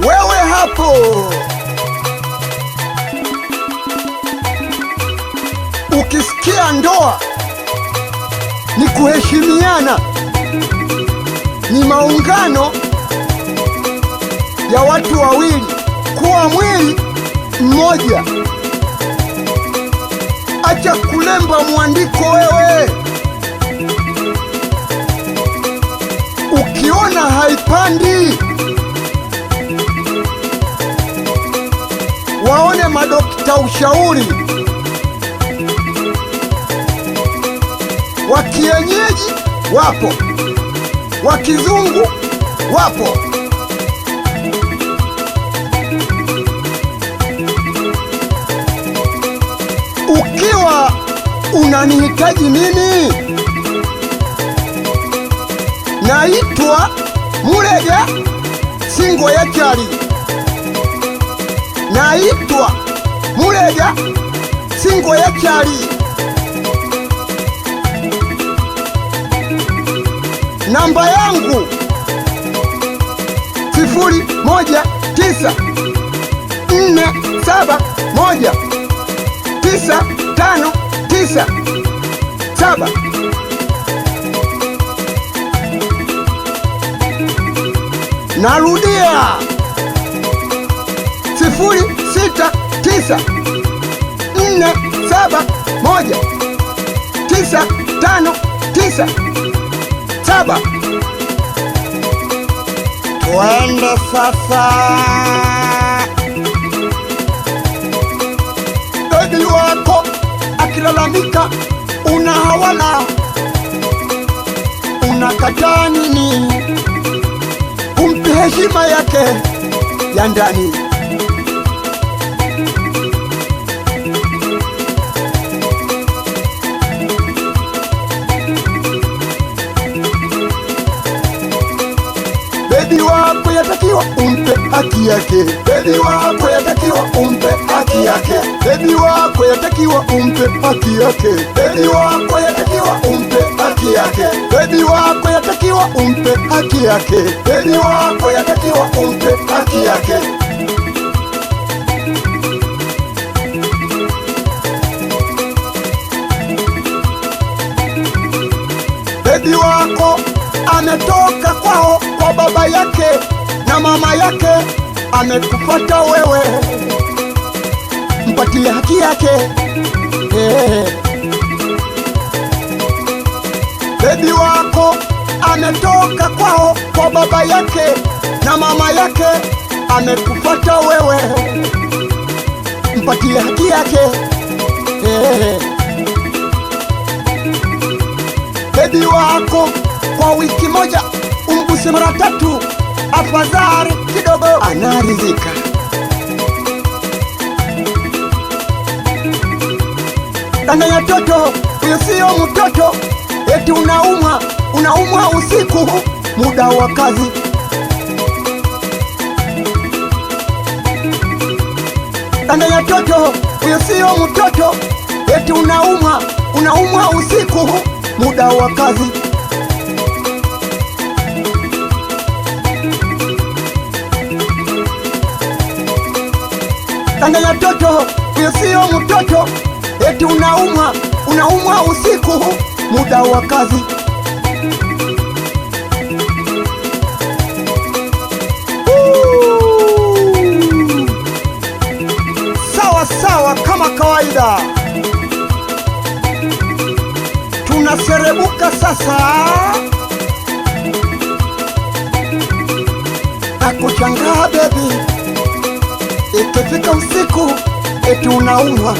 wewe hapo ukisikia ndoa ni kuheshimiana, ni maungano ya watu wawili kuwa mwili mmoja. Acha kulemba mwandiko wewe. Ukiona haipandi waone madokta ushauri wa kienyeji wapo, wa kizungu wapo. Ukiwa unanihitaji mimi, naitwa Mulega Singoyachari naitwa mulega ya chali namba yangu sifuri moja tisa nne saba moja tisa tano tisa saba narudia sifuri sita tisa nne saba moja tisa tano tisa saba. Twende sasa dodi wako akilalamika, una hawala unakataa nini? Kumpi heshima yake ya ndani. haki yake. Bebi wako yatakiwa umpe haki yake. Bebi wako yatakiwa umpe haki yake. Bebi wako yatakiwa umpe haki yake. Bebi wako yatakiwa umpe haki yake. Bebi wako yatakiwa umpe haki yake. Bebi wako anatoka kwao kwa baba yake mama yake amekupata wewe, mpatie haki yake eh. Bebi wako ametoka kwao kwa baba yake na mama yake amekupata wewe, mpatie haki yake eh. Bebi wako kwa wiki moja umbuse mara tatu tafadhali kidogo anaridhika. Dhana ya toto huyo siyo mtoto, eti unaumwa unaumwa usiku muda wa kazi. Dhana ya toto huyo siyo mtoto, eti unaumwa unaumwa usiku muda wa kazi. ya toto sio mtoto, eti unaumwa unaumwa usiku muda wa kazi. Sawa sawa, kama kawaida tunaserebuka sasa, akuchangaa bebi Ikifika usiku eti unaumwa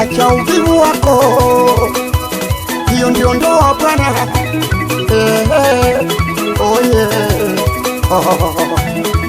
acha uvivu wako, hiyo ndio ndoa bwana. Oye, oh yeah. oh.